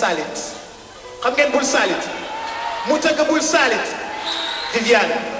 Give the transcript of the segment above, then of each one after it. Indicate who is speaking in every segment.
Speaker 1: saalit xam ngeen bul saalit mu tëgg bul saalit Viviane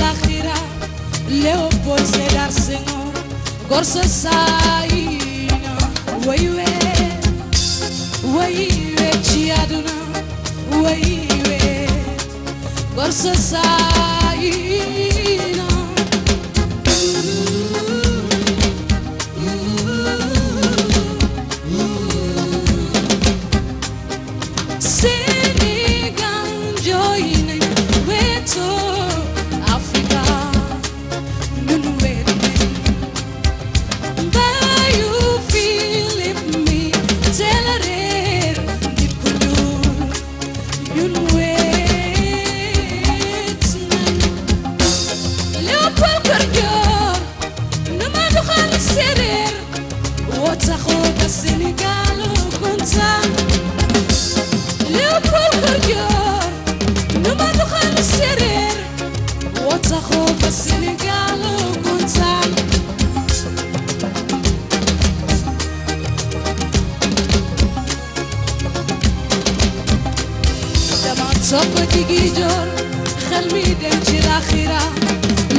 Speaker 2: la gira, leo poi se dar sengo gorso saino weiwe wey chiaduna weiwe gorso saino saxoo ba Sénégal kontaan dama sopp Djiby Dior xel mi dem ci laaxira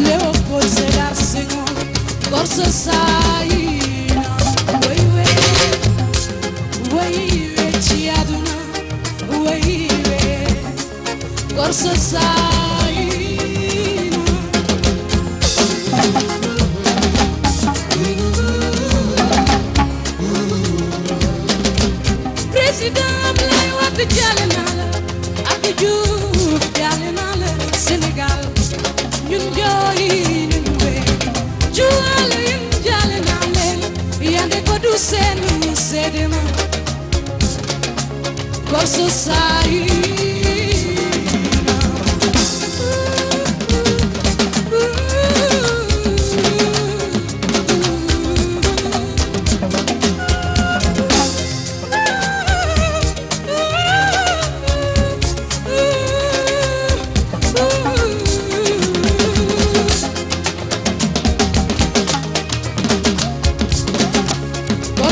Speaker 2: Léopold Sédar Senghor Borso Sayina way we way we ci àdduna way we Borso Sayina Wade jaale naa la Abdou Diouf jaale naa la Sénégal ñun jooy nañu wee juwaale yéen jaale naa leen yande ko du seen seede na ko society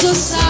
Speaker 2: Jesus